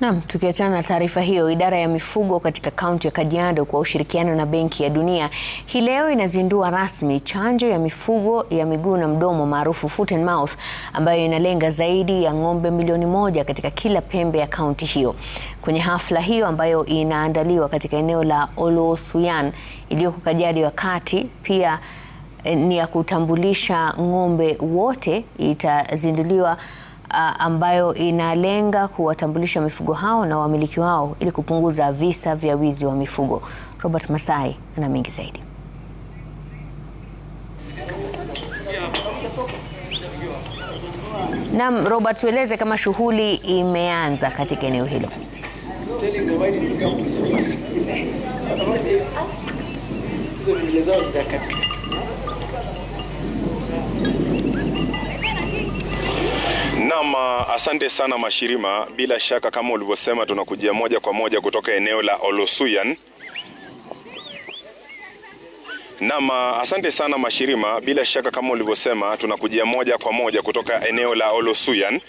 Naam, tukiachana na taarifa hiyo, idara ya mifugo katika kaunti ya Kajiado kwa ushirikiano na Benki ya Dunia hii leo inazindua rasmi chanjo ya mifugo ya miguu na mdomo maarufu foot and mouth ambayo inalenga zaidi ya ng'ombe milioni moja katika kila pembe ya kaunti hiyo. Kwenye hafla hiyo ambayo inaandaliwa katika eneo la Olosuyan iliyoko Kajiado ya Kati, pia eh, ni ya kutambulisha ng'ombe wote itazinduliwa uh, ambayo inalenga kuwatambulisha mifugo hao na wamiliki wao ili kupunguza visa vya wizi wa mifugo. Robert Masai ana mengi zaidi. Naam, Robert, tueleze kama shughuli imeanza katika eneo hilo. Naam, asante sana Mashirima. Bila shaka kama ulivyosema, tunakujia moja kwa moja kutoka eneo la Olosuyan Naam, ah, asante sana Mashirima. Bila shaka kama ulivyosema, tunakujia moja kwa moja kutoka eneo la Olosuyan,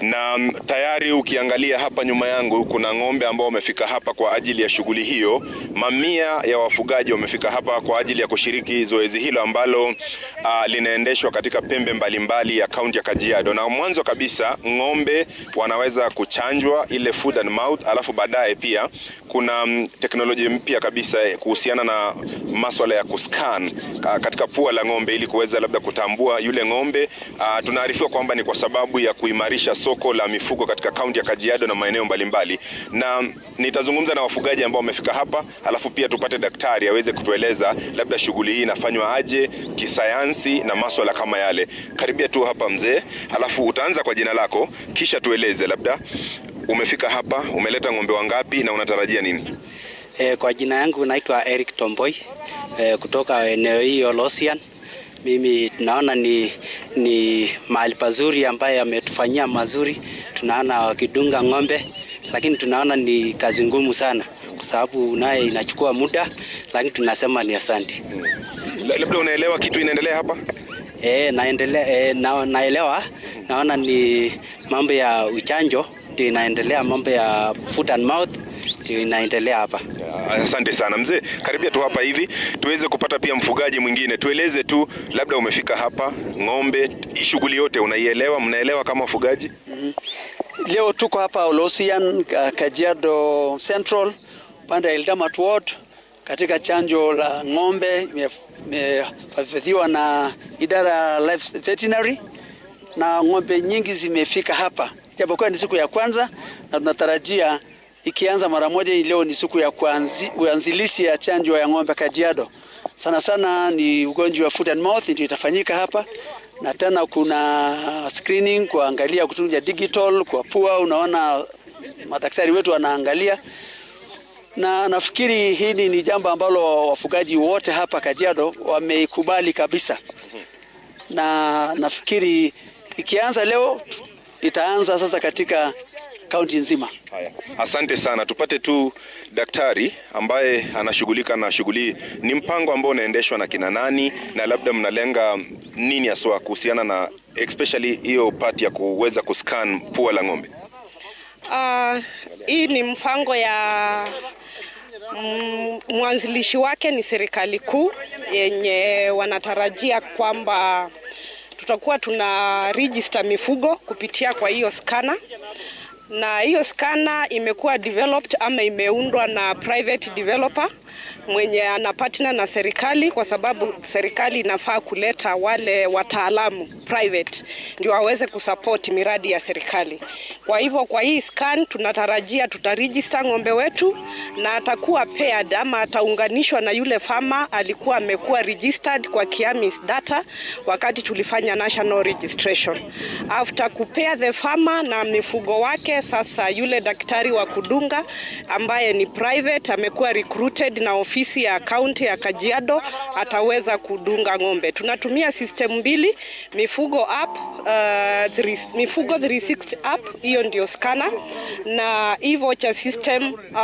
na tayari ukiangalia hapa nyuma yangu kuna ng'ombe ambao wamefika hapa kwa ajili ya shughuli hiyo. Mamia ya wafugaji wamefika hapa kwa ajili ya kushiriki zoezi hilo ambalo uh, linaendeshwa katika pembe mbalimbali mbali ya kaunti ya Kajiado, na mwanzo kabisa ng'ombe wanaweza kuchanjwa ile food and mouth, alafu baadaye pia kuna mm, teknolojia mpya kabisa eh, kuhusiana na maswala ya kus scan uh, katika pua la ng'ombe ili kuweza labda kutambua yule ng'ombe. Uh, Tunaarifiwa kwamba ni kwa sababu ya kuimarisha soko la mifugo katika kaunti ya Kajiado na maeneo mbalimbali, na nitazungumza na wafugaji ambao wamefika hapa, halafu pia tupate daktari aweze kutueleza labda shughuli hii inafanywa aje kisayansi na maswala kama yale. Karibia tu hapa mzee, halafu utaanza kwa jina lako kisha tueleze labda umefika hapa, umeleta ng'ombe wangapi na unatarajia nini? E, kwa jina yangu naitwa Eric tomboy e, eh, kutoka eneo hii Olosian. Mimi tunaona ni, ni mahali pazuri ambaye ametufanyia mazuri, tunaona wakidunga ng'ombe, lakini tunaona ni kazi ngumu sana kwa sababu naye inachukua muda, lakini tunasema ni asante. Labda unaelewa kitu inaendelea hapa? E, naendelea, e, na, naelewa. Naona ni mambo ya uchanjo ndio inaendelea, mambo ya foot and mouth ndio inaendelea hapa. Ah, asante sana mzee, karibia tu hapa hivi tuweze kupata pia mfugaji mwingine. Tueleze tu labda umefika hapa, ng'ombe, shughuli yote unaielewa, mnaelewa kama wafugaji? mm -hmm. Leo tuko hapa Olosian, Kajiado Central, upande ya Ildamat Ward katika chanjo la ng'ombe imefadhiliwa na idara ya Life Veterinary na ng'ombe nyingi zimefika hapa, japokuwa ni siku ya kwanza, na tunatarajia ikianza mara moja. Leo ni siku ya kuanzilishi ya chanjo ya ng'ombe Kajiado. Sana sana ni ugonjwa wa foot and mouth ndio itafanyika hapa, na tena kuna screening kuangalia kutunja digital kwa pua. Unaona madaktari wetu wanaangalia, na nafikiri hili ni jambo ambalo wafugaji wote hapa Kajiado wameikubali kabisa, na nafikiri ikianza leo itaanza sasa katika kaunti nzima. Haya, asante sana. Tupate tu daktari ambaye anashughulika na shughuli. Ni mpango ambao unaendeshwa na kina nani, na labda mnalenga nini haswa kuhusiana na especially hiyo part ya kuweza kuscan pua la ng'ombe? Uh, hii ni mpango ya mm, mwanzilishi wake ni serikali kuu yenye wanatarajia kwamba tutakuwa tuna register mifugo kupitia kwa hiyo skana na hiyo skana imekuwa developed ama imeundwa na private developer mwenye ana partner na serikali, kwa sababu serikali inafaa kuleta wale wataalamu private ndio waweze kusupport miradi ya serikali. Kwa hivyo kwa hii scan tunatarajia tutaregister ng'ombe wetu na atakuwa paired ama ataunganishwa na yule fama alikuwa amekuwa registered kwa Kiamis data wakati tulifanya national registration. After kupea the farmer na mifugo wake sasa yule daktari wa kudunga ambaye ni private amekuwa recruited na ofisi ya kaunti ya Kajiado, ataweza kudunga ng'ombe. Tunatumia system mbili, mifugo app, uh, three, mifugo 360 app, hiyo ndio scanner na e-voucher system uh,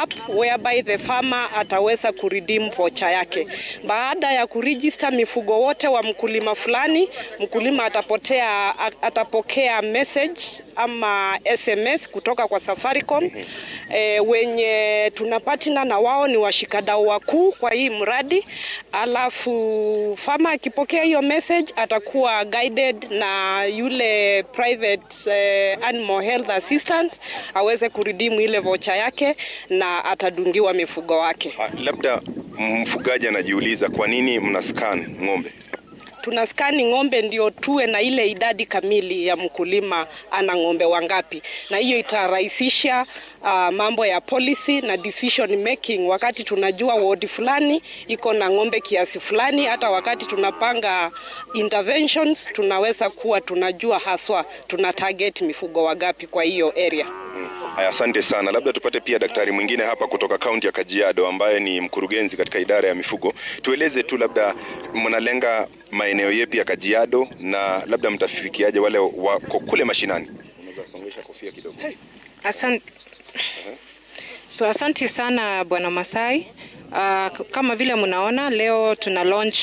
app whereby the farmer ataweza kuredeem voucher yake. Baada ya kuregister mifugo wote wa mkulima fulani, mkulima atapotea atapokea message ama SMS SMS kutoka kwa Safaricom mm -hmm. E, wenye tunapatina na wao ni washikadau wakuu kwa hii mradi, alafu fama akipokea hiyo message atakuwa guided na yule private eh, animal health assistant aweze kuridimu ile vocha yake na atadungiwa mifugo wake. Ah, labda mfugaji anajiuliza kwa nini mna scan ng'ombe tunaskani ng'ombe ndio tuwe na ile idadi kamili ya mkulima ana ng'ombe wangapi, na hiyo itarahisisha uh, mambo ya policy na decision making. Wakati tunajua wodi fulani iko na ng'ombe kiasi fulani, hata wakati tunapanga interventions tunaweza kuwa tunajua haswa tuna target mifugo wangapi kwa hiyo area. Haya, asante sana. Labda tupate pia daktari mwingine hapa kutoka kaunti ya Kajiado ambaye ni mkurugenzi katika idara ya mifugo. Tueleze tu labda mnalenga maeneo yepi ya Kajiado na labda mtafikiaje wale wako kule mashinani? Unaweza Asante. So asante sana Bwana Masai. Uh, kama vile mnaona leo tuna launch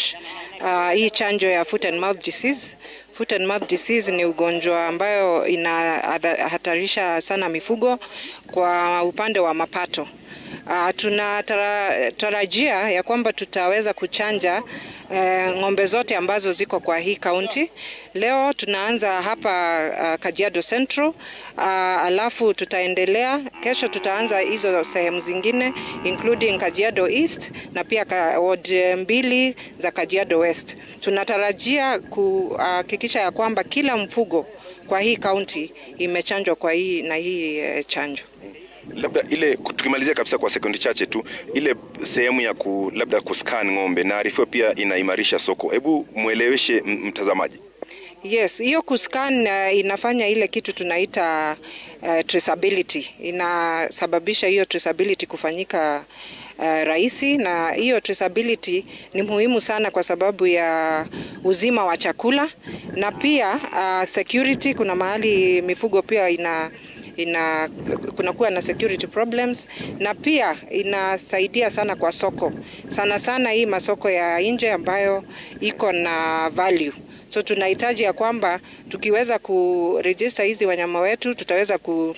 uh, hii chanjo ya foot and mouth disease Foot and mouth disease ni ugonjwa ambayo inahatarisha sana mifugo kwa upande wa mapato. Uh, ah, tunatarajia ya kwamba tutaweza kuchanja uh, ng'ombe zote ambazo ziko kwa hii kaunti. Leo tunaanza hapa uh, Kajiado Central uh, alafu tutaendelea kesho, tutaanza hizo sehemu zingine including Kajiado East na pia ward mbili za Kajiado West. Tunatarajia kuhakikisha ya kwamba kila mfugo kwa hii kaunti imechanjwa kwa hii na hii uh, chanjo labda ile tukimalizia kabisa kwa sekundi chache tu, ile sehemu ya ku, labda kuscan ng'ombe na pia inaimarisha soko, hebu mweleweshe mtazamaji. Yes, hiyo kuscan uh, inafanya ile kitu tunaita uh, traceability. Inasababisha hiyo traceability kufanyika uh, rahisi, na hiyo traceability ni muhimu sana kwa sababu ya uzima wa chakula na pia uh, security. Kuna mahali mifugo pia ina ina kunakuwa na security problems, na pia inasaidia sana kwa soko, sana sana hii masoko ya nje ambayo iko na value. So tunahitaji ya kwamba tukiweza kurejista hizi wanyama wetu tutaweza ku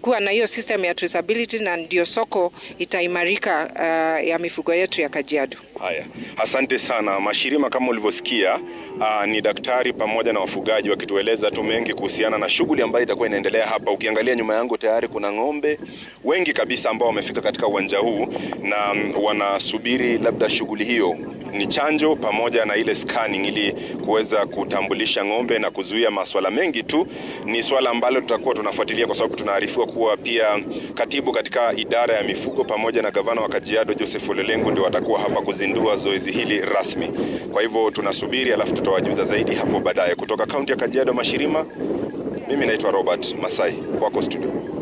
kuwa na hiyo system ya traceability na ndio soko itaimarika uh, ya mifugo yetu ya Kajiado. Haya, asante sana Mashirima. Kama ulivyosikia, uh, ni daktari pamoja na wafugaji wakitueleza tu mengi kuhusiana na shughuli ambayo itakuwa inaendelea hapa. Ukiangalia nyuma yangu tayari kuna ng'ombe wengi kabisa ambao wamefika katika uwanja huu na um, wanasubiri labda shughuli hiyo ni chanjo pamoja na ile scanning ili kuweza kutambulisha ng'ombe na kuzuia maswala mengi tu. Ni swala ambalo tutakuwa tunafuatilia kwa sababu tunaarifiwa kuwa pia katibu katika idara ya mifugo pamoja na gavana wa Kajiado Joseph olelengo ndio watakuwa hapa kuzindua zoezi hili rasmi. Kwa hivyo tunasubiri, alafu tutawajuza zaidi hapo baadaye. Kutoka kaunti ya Kajiado Mashirima, mimi naitwa Robert Masai, kwako studio.